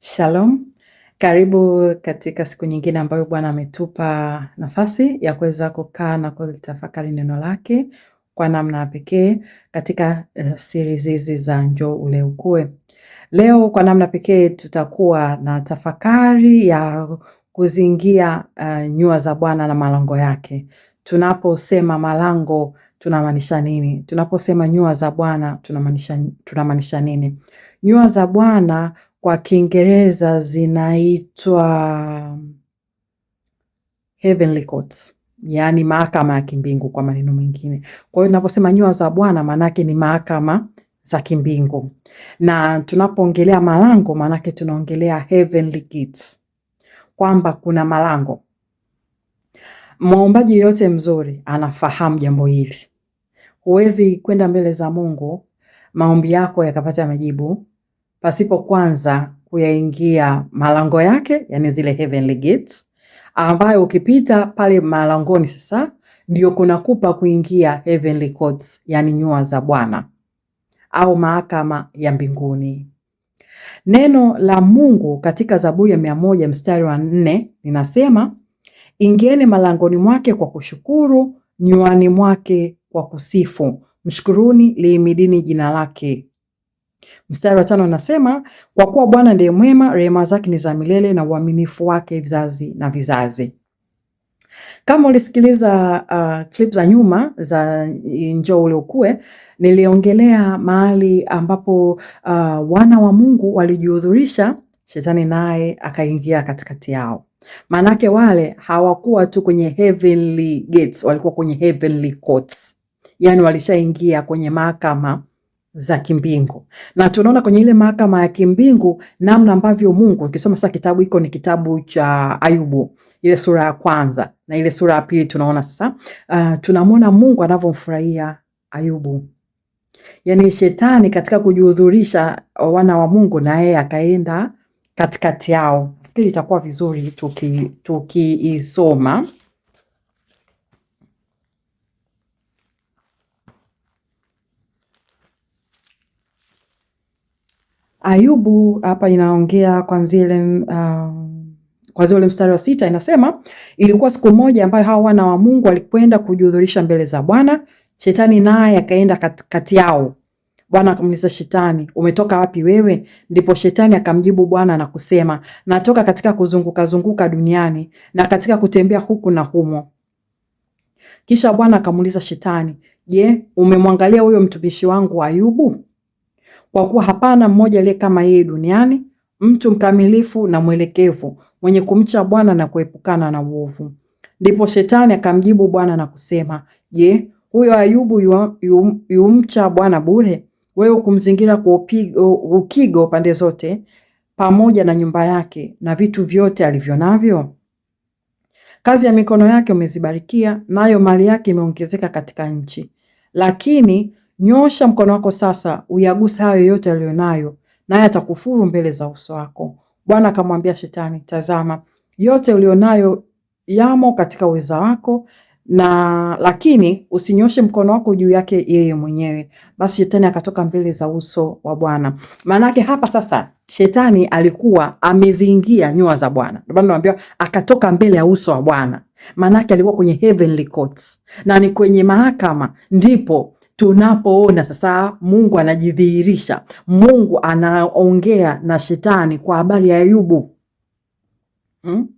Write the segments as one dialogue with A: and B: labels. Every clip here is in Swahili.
A: Shalom. Karibu katika siku nyingine ambayo Bwana ametupa nafasi ya kuweza kukaa na kulitafakari neno lake kwa namna ya pekee katika uh, series hizi za njoo ule ukue. Leo kwa namna pekee tutakuwa na tafakari ya kuzingia uh, nyua za Bwana na malango yake. Tunaposema malango tunamaanisha nini? Tunaposema nyua za Bwana tunamaanisha tunamaanisha nini? Nyua za Bwana kwa Kiingereza zinaitwa heavenly courts, yaani mahakama ya kimbingu kwa maneno mengine. Kwa hiyo tunaposema nyua za Bwana maanake ni mahakama za kimbingu, na tunapoongelea malango maanake tunaongelea heavenly gates, kwamba kuna malango Mwaombaji yote mzuri anafahamu jambo hili. Huwezi kwenda mbele za Mungu maombi yako yakapata majibu pasipo kwanza kuyaingia malango yake, yani zile heavenly gates, ambayo ukipita pale malangoni sasa ndio kunakupa kuingia heavenly courts, yani nyua za Bwana au mahakama ya mbinguni. Neno la Mungu katika Zaburi ya mia moja mstari wa nne linasema Ingieni malangoni mwake kwa kushukuru, nyuani mwake kwa kusifu, mshukuruni, liimidini jina lake. Mstari wa tano anasema kwa kuwa Bwana ndiye mwema, rehema zake ni za milele, na uaminifu wake vizazi na vizazi. Kama ulisikiliza uh, clip za nyuma za eh, Njoo Ule Ukue, niliongelea mahali ambapo uh, wana wa Mungu walijihudhurisha, shetani naye akaingia katikati yao. Maanake wale hawakuwa tu kwenye heavenly gates, walikuwa kwenye heavenly courts, yaani walishaingia kwenye mahakama za kimbingu, na tunaona kwenye ile mahakama ya kimbingu namna ambavyo Mungu, ukisoma sasa kitabu hiko, ni kitabu cha Ayubu, ile sura ya kwanza na ile sura ya pili, tunaona sasa uh, tunamwona Mungu anavyomfurahia Ayubu. Yaani shetani katika kujihudhurisha wana wa Mungu, na yeye akaenda katikati yao nafikiri itakuwa vizuri tukiisoma tuki Ayubu hapa inaongea kwanzia ile um, kwanzia ule mstari wa sita inasema, ilikuwa siku moja ambayo hao wana wa Mungu walikwenda kujihudhurisha mbele za Bwana, shetani naye akaenda kati yao Bwana akamuuliza shetani, umetoka wapi wewe? Ndipo shetani akamjibu Bwana na kusema, natoka katika kuzunguka zunguka duniani na katika kutembea huku na humo. Kisha Bwana akamuuliza shetani, je, umemwangalia huyo mtumishi wangu Ayubu? Kwa kuwa hapana mmoja aliye kama yeye duniani, mtu mkamilifu na mwelekevu, mwenye kumcha Bwana na kuepukana na uovu. Ndipo shetani akamjibu Bwana na kusema, je, huyo Ayubu yumcha yu, yu, Bwana bure? wewe kumzingira kwa ukigo pande zote, pamoja na nyumba yake na vitu vyote alivyo navyo. Kazi ya mikono yake umezibarikia, nayo mali yake imeongezeka katika nchi. Lakini nyosha mkono wako sasa, uyagusa hayo yote aliyonayo, naye atakufuru mbele za uso wako. Bwana akamwambia Shetani, tazama, yote ulionayo yamo katika uweza wako, na lakini usinyoshe mkono wako juu yake yeye mwenyewe. Basi shetani akatoka mbele za uso wa Bwana. Maanake hapa sasa shetani alikuwa ameziingia nyua za Bwana, ndio maana naambia akatoka mbele ya uso wa Bwana, maanake alikuwa kwenye heavenly courts, na ni kwenye mahakama ndipo tunapoona sasa Mungu anajidhihirisha, Mungu anaongea na shetani kwa habari ya Ayubu hmm?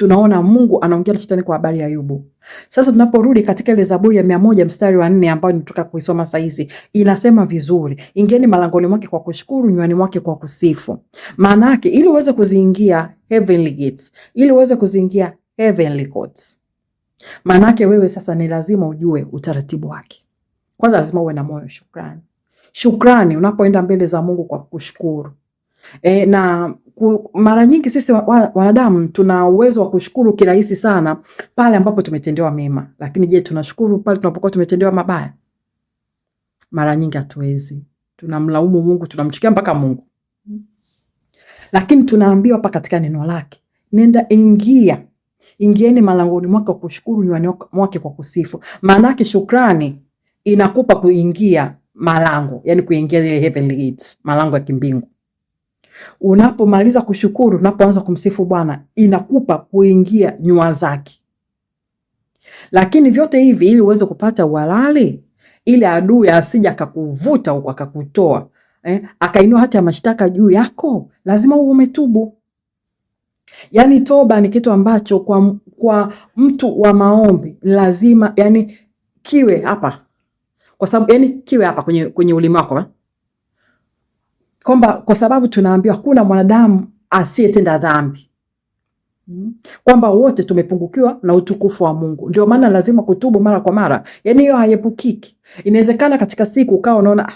A: tunaona Mungu anaongea na shetani kwa habari ya Ayubu. Sasa tunaporudi katika ile Zaburi ya mia moja mstari wa nne ambayo nitoka kuisoma saizi, inasema vizuri, ingieni malangoni mwake kwa kushukuru, nywani mwake kwa kusifu. Maana yake ili uweze kuziingia heavenly gates, ili uweze kuziingia heavenly courts, maana yake wewe sasa ni lazima ujue utaratibu wake. Kwanza lazima uwe na moyo shukrani. Shukrani unapoenda mbele za Mungu kwa kushukuru E, na ku, mara nyingi sisi wanadamu tuna uwezo wa kushukuru kirahisi sana pale ambapo tumetendewa mema, lakini je, tunashukuru pale tunapokuwa tumetendewa mabaya? Mara nyingi hatuwezi, tunamlaumu Mungu, tunamchukia mpaka Mungu. Lakini tunaambiwa hapa katika neno lake, nenda ingia, ingieni malangoni mwake kwa kushukuru, nywani mwake kwa kusifu. Maana shukrani inakupa kuingia malango, yani kuingia ile heavenly gates, malango ya kimbingu. Unapomaliza kushukuru, unapoanza kumsifu Bwana, inakupa kuingia nyua zake. Lakini vyote hivi ili uweze kupata uhalali, ili adui asija akakuvuta huko akakutoa eh, akainua hata mashtaka juu yako, lazima uwe umetubu. Yaani toba ni kitu ambacho kwa, kwa mtu wa maombi lazima yani kiwe hapa, kwa sababu yani kiwe hapa kwenye, kwenye ulimi wako eh? kwamba kwa sababu tunaambiwa hakuna mwanadamu asiyetenda dhambi, hmm? kwamba wote tumepungukiwa na utukufu wa Mungu. Ndio maana lazima kutubu mara kwa mara, yani hiyo haiepukiki. Inawezekana katika siku ukawa unaona ah,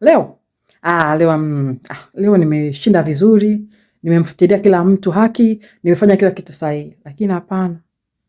A: leo ah, leo, mm, ah, leo nimeshinda vizuri, nimemfutilia kila mtu haki, nimefanya kila kitu sahihi, lakini hapana,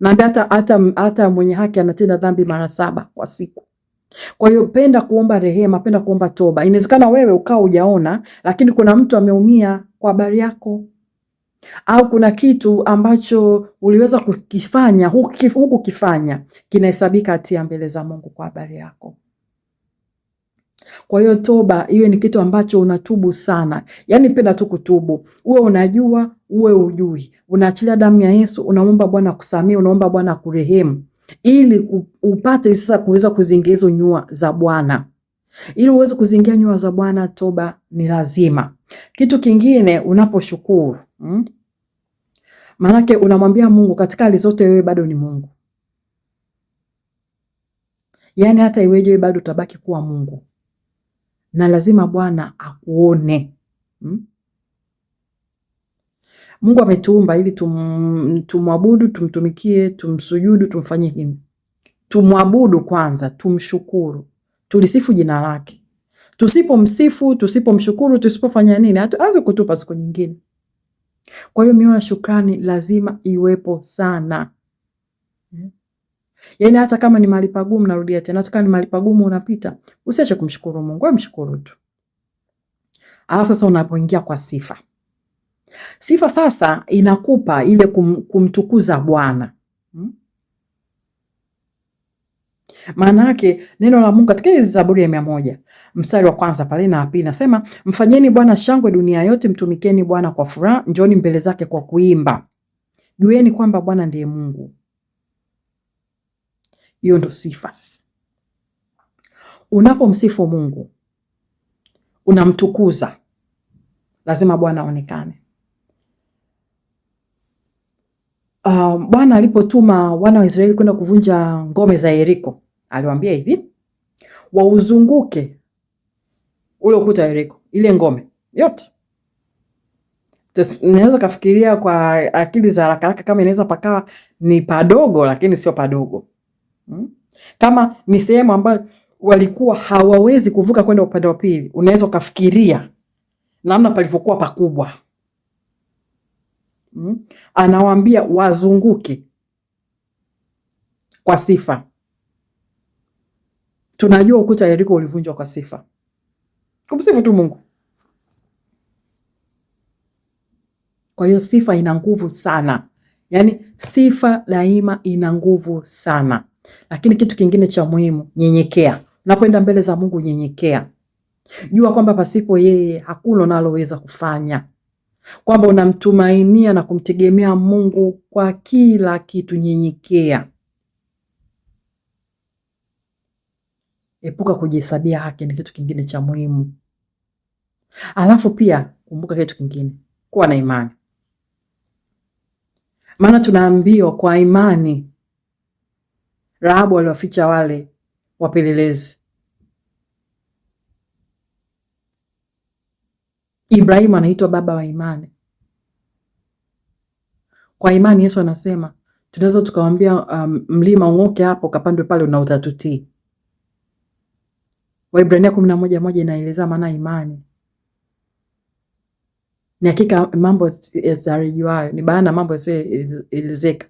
A: naambia hata, hata, hata mwenye haki anatenda dhambi mara saba kwa siku. Kwa hiyo penda kuomba rehema, penda kuomba toba. Inawezekana wewe ukawa hujaona, lakini kuna mtu ameumia kwa habari yako, au kuna kitu ambacho uliweza kukifanya hukukifanya, kinahesabika hatia mbele za Mungu kwa habari yako. Kwa hiyo toba iwe ni kitu ambacho unatubu sana, yaani penda tu kutubu, uwe unajua uwe ujui, unaachilia damu ya Yesu, unaomba Bwana kusamehe, unaomba Bwana kurehemu ili upate sasa kuweza kuzingia hizo nyua za Bwana. Ili uweze kuzingia nyua za Bwana, toba ni lazima. Kitu kingine unaposhukuru, hmm? Maanake unamwambia Mungu katika hali zote, wewe bado ni Mungu. Yaani hata iweje, wewe bado utabaki kuwa Mungu na lazima Bwana akuone, hmm? Mungu ametuumba ili tum, tumwabudu, tumtumikie, tumsujudu, tumfanyie nini? Tumwabudu kwanza, tumshukuru, tulisifu jina lake. Tusipomsifu, tusipomshukuru, tusipofanya nini, hatuwezi kutupa siku nyingine. Kwa hiyo mioyo ya shukrani lazima iwepo sana. Hmm? Yaani hata kama ni mahali pagumu, narudia tena, hata kama ni mahali pagumu unapita, usiache kumshukuru Mungu, wewe mshukuru tu. Alafu sasa unapoingia kwa sifa Sifa sasa inakupa ile kum, kumtukuza Bwana hmm? Maana yake neno la Mungu katika Zaburi ya mia moja mstari wa kwanza pale na pili nasema, mfanyeni Bwana shangwe dunia yote, mtumikeni Bwana kwa furaha, njoni mbele zake kwa kuimba, jueni kwamba Bwana ndiye Mungu. Hiyo ndo sifa sasa. Unapomsifu Mungu unamtukuza, lazima Bwana aonekane. uh, Bwana alipotuma wana wa Israeli kwenda kuvunja ngome za Yeriko, aliwaambia hivi, wauzunguke ule ukuta wa Yeriko, ile ngome yote. Naweza kafikiria kwa akili za haraka haraka kama inaweza pakawa ni padogo, lakini sio padogo hmm? kama ni sehemu ambayo walikuwa hawawezi kuvuka kwenda upande wa pili, unaweza ukafikiria namna palivyokuwa pakubwa mm, anawaambia wazunguke kwa sifa. Tunajua ukuta Yeriko ulivunjwa kwa sifa, kumsifu tu Mungu. Kwa hiyo sifa ina nguvu sana, yaani sifa daima ina nguvu sana. Lakini kitu kingine cha muhimu, nyenyekea. Unapoenda mbele za Mungu, nyenyekea, jua kwamba pasipo yeye hakuna unaloweza kufanya kwamba unamtumainia na kumtegemea Mungu kwa kila kitu. Nyenyekea, epuka kujihesabia haki, ni kitu kingine cha muhimu. Alafu pia kumbuka kitu kingine, kuwa na imani, maana tunaambiwa kwa imani Rahabu aliwaficha wale wapelelezi Ibrahimu anaitwa baba wa imani. Kwa imani Yesu anasema tunaweza tukawambia um, mlima ung'oke hapo kapande pale na utatutii. Waibrania kumi na moja moja inaelezea maana imani ni hakika mambo yasitarajiwayo, ni bayana mambo yasiyoelezeka.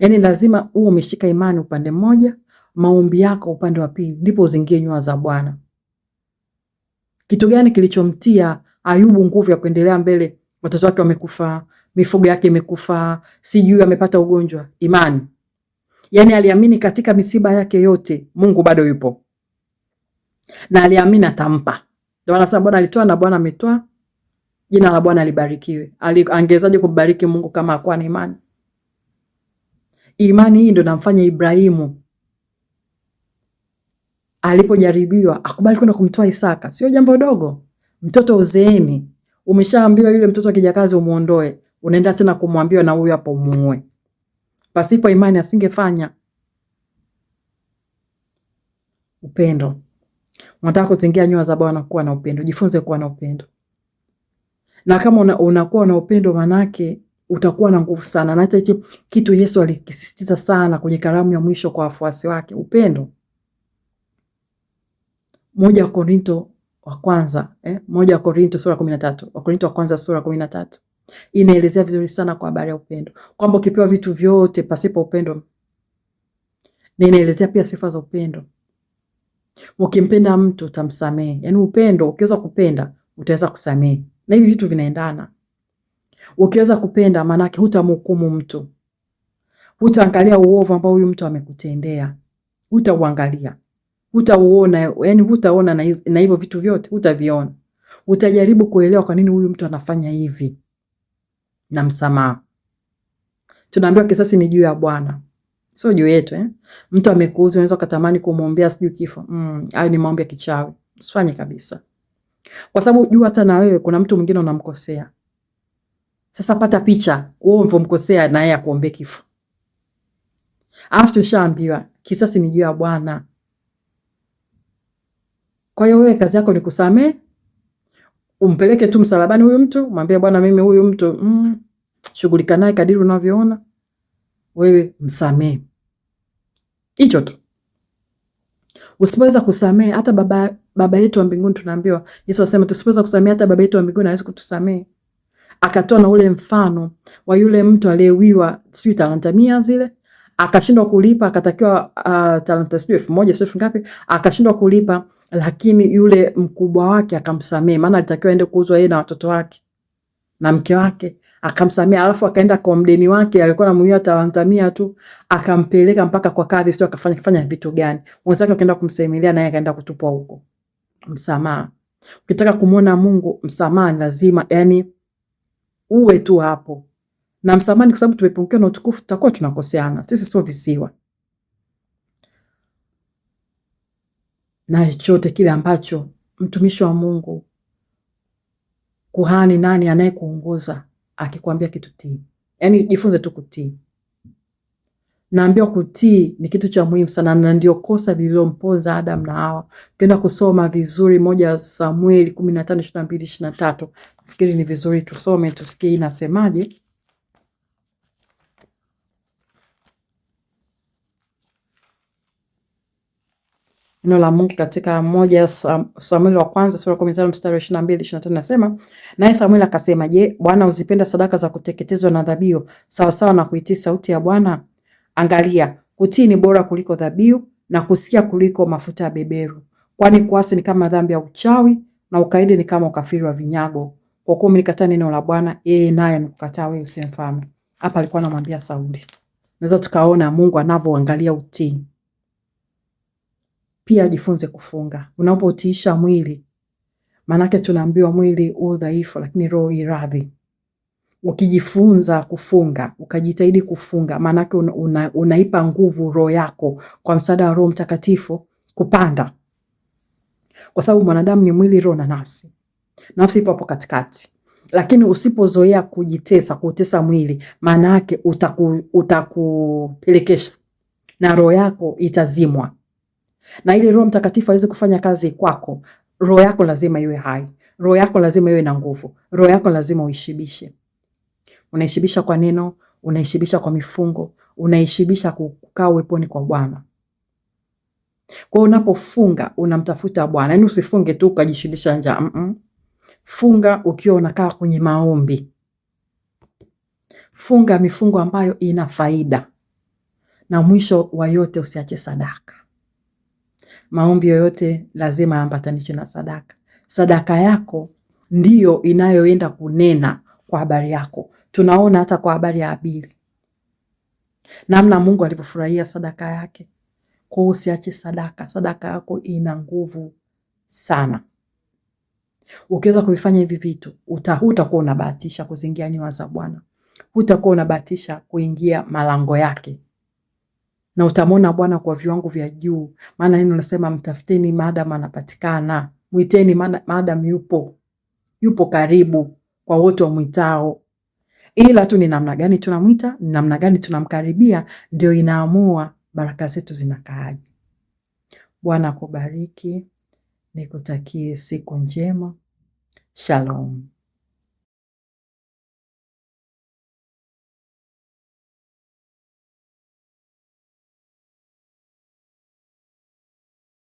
A: Yaani lazima uwe umeshika imani upande mmoja, maombi yako upande wa pili, ndipo uzingie nyua za Bwana. Kitu gani kilichomtia Ayubu nguvu ya kuendelea mbele? Watoto wake wamekufa, mifugo yake imekufa, sijui amepata ugonjwa. Imani. Yaani aliamini katika misiba yake yote Mungu bado yupo, na aliamini atampa. Ndio anasema Bwana alitoa na Bwana ametoa, jina la Bwana libarikiwe. Angewezaje kumbariki Mungu kama hakuwa na imani? Imani hii ndio namfanya Ibrahimu alipojaribiwa akubali kwenda kumtoa Isaka, sio jambo dogo. Mtoto uzeeni, umeshaambiwa yule mtoto wa kijakazi umuondoe, unaenda tena kumwambiwa na huyo hapo muue. Pasipo imani asingefanya. Upendo, unataka kuzingia nyua za Bwana, kuwa na upendo, jifunze kuwa na upendo. Na kama una, unakuwa na upendo, manake utakuwa na nguvu sana, na hata kitu Yesu alikisisitiza sana kwenye karamu ya mwisho kwa wafuasi wake, upendo moja wa Korinto wa kwanza eh, moja wa Korinto sura kumi na tatu Wakorinto wa kwanza sura kumi na tatu inaelezea vizuri sana kwa habari ya upendo, kwamba ukipewa vitu vyote pasipo upendo, na inaelezea pia sifa za upendo. Ukimpenda mtu utamsamehe, yaani upendo, ukiweza kupenda utaweza kusamehe, na hivi vitu vinaendana. Ukiweza kupenda, maanake hutamhukumu mtu, hutaangalia uovu ambao huyu mtu amekutendea, hutauangalia hutauona, yani hutaona na, hivyo vitu vyote hutaviona. Utajaribu kuelewa kwa nini huyu mtu anafanya hivi na msamaha. Tunaambiwa kisasi ni juu ya Bwana, sio juu yetu eh? Mtu amekuuza, unaweza ukatamani kumwombea sijui kifo. Mm, hayo ni maombi ya kichawi, usifanye kabisa, kwa sababu jua hata na wewe kuna mtu mwingine unamkosea. Sasa pata picha wewe ulivyomkosea na yeye akuombee kifo, alafu tushaambiwa kisasi ni juu ya Bwana. Kwa hiyo wewe kazi yako ni kusamehe, umpeleke tu msalabani huyu mtu, mwambie bwana, mimi huyu mtu mm, shughulika naye kadiri unavyoona wewe, msamehe. Hicho tu. Usipoweza kusamehe hata baba, baba yetu wa mbinguni tunaambiwa, Yesu asema tusipoweza kusamehe hata baba yetu wa mbinguni hawezi kutusamehe. Akatoa na ule mfano wa yule mtu aliyewiwa sijui talanta mia zile akashindwa kulipa, akatakiwa uh, talanta sijui elfu moja sijui elfu ngapi, akashindwa kulipa, lakini yule mkubwa wake akamsamehe, maana alitakiwa aende kuuzwa yeye na watoto wake na mke wake, akamsamehe. Alafu akaenda kwa mdeni wake, alikuwa anamuia talanta mia tu, akampeleka mpaka kwa kadhi, sio akafanya kufanya vitu gani, wenzake wakaenda kumsemelea, naye akaenda kutupwa huko. Msamaha, ukitaka kumwona Mungu, msamaha lazima, yani uwe tu hapo na msamani, kwa sababu tumepokea na utukufu, tutakuwa tunakoseana. Sisi sio visiwa, na chochote kile ambacho mtumishi wa Mungu, kuhani, nani anayekuongoza akikwambia kitu, tii. Yaani jifunze tu kutii. Naambiwa kutii ni kitu cha muhimu sana, na ndio kosa lililomponza Adam na Hawa. Ukienda kusoma vizuri moja ya Samueli kumi na tano ishirini na mbili ishirini na tatu nafikiri ni vizuri tusome tusikie inasemaje. Neno la Mungu katika moja Samueli wa kwanza sura ya 15 mstari wa 22 23 nasema, naye Samueli akasema, je, Bwana uzipenda sadaka za kuteketezwa na dhabihu sawasawa na kuitii sauti ya Bwana? Angalia, kutii ni bora kuliko dhabihu na kusikia kuliko mafuta ya beberu, kwani kuasi ni kama dhambi ya uchawi na ukaidi ni kama ukafiri wa vinyago, kwa kuwa mlikataa neno la Bwana, yeye naye amekukataa wewe usimfahamu. Hapa alikuwa anamwambia Sauli. Naweza tukaona Mungu anavyoangalia utii pia ajifunze kufunga. Unapotiisha mwili, maanake tunaambiwa mwili u dhaifu, lakini roho iradhi. Ukijifunza kufunga, ukajitahidi kufunga, maanake una, una, unaipa nguvu roho yako kwa msaada wa Roho Mtakatifu kupanda, kwa sababu mwanadamu ni mwili, roho na nafsi. Nafsi ipo hapo katikati lakini usipozoea kujitesa kutesa mwili, maana yake utakupelekesha utaku, na roho yako itazimwa na ili Roho Mtakatifu aweze kufanya kazi kwako, roho yako lazima iwe hai, roho yako lazima iwe na nguvu, roho yako lazima uishibishe. Unaishibisha kwa neno, unaishibisha kwa mifungo, unaishibisha kukaa uweponi kwa Bwana. Kwa unapofunga unamtafuta Bwana, yaani usifunge tu ukajishindisha nja mm -mm. Funga ukiwa unakaa kwenye maombi, funga mifungo ambayo ina faida, na mwisho wa yote usiache sadaka maombi yoyote lazima yaambatanishwe na sadaka. Sadaka yako ndiyo inayoenda kunena kwa habari yako. Tunaona hata kwa habari ya Abili namna Mungu alivyofurahia sadaka yake. Kwa hiyo usiache sadaka, sadaka yako ina nguvu sana. Ukiweza kuvifanya hivi vitu, hutakuwa unabahatisha kuzingia nyua za Bwana, hutakuwa unabahatisha kuingia malango yake na utamwona Bwana kwa viwango vya juu, maana neno nasema mtafuteni maadamu anapatikana, mwiteni maadamu yupo, yupo karibu kwa wote wamwitao. Ila tu ni namna gani tunamwita, ni namna gani tunamkaribia, ndio inaamua baraka zetu zinakaaje. Bwana akubariki, nikutakie siku njema. Shalom.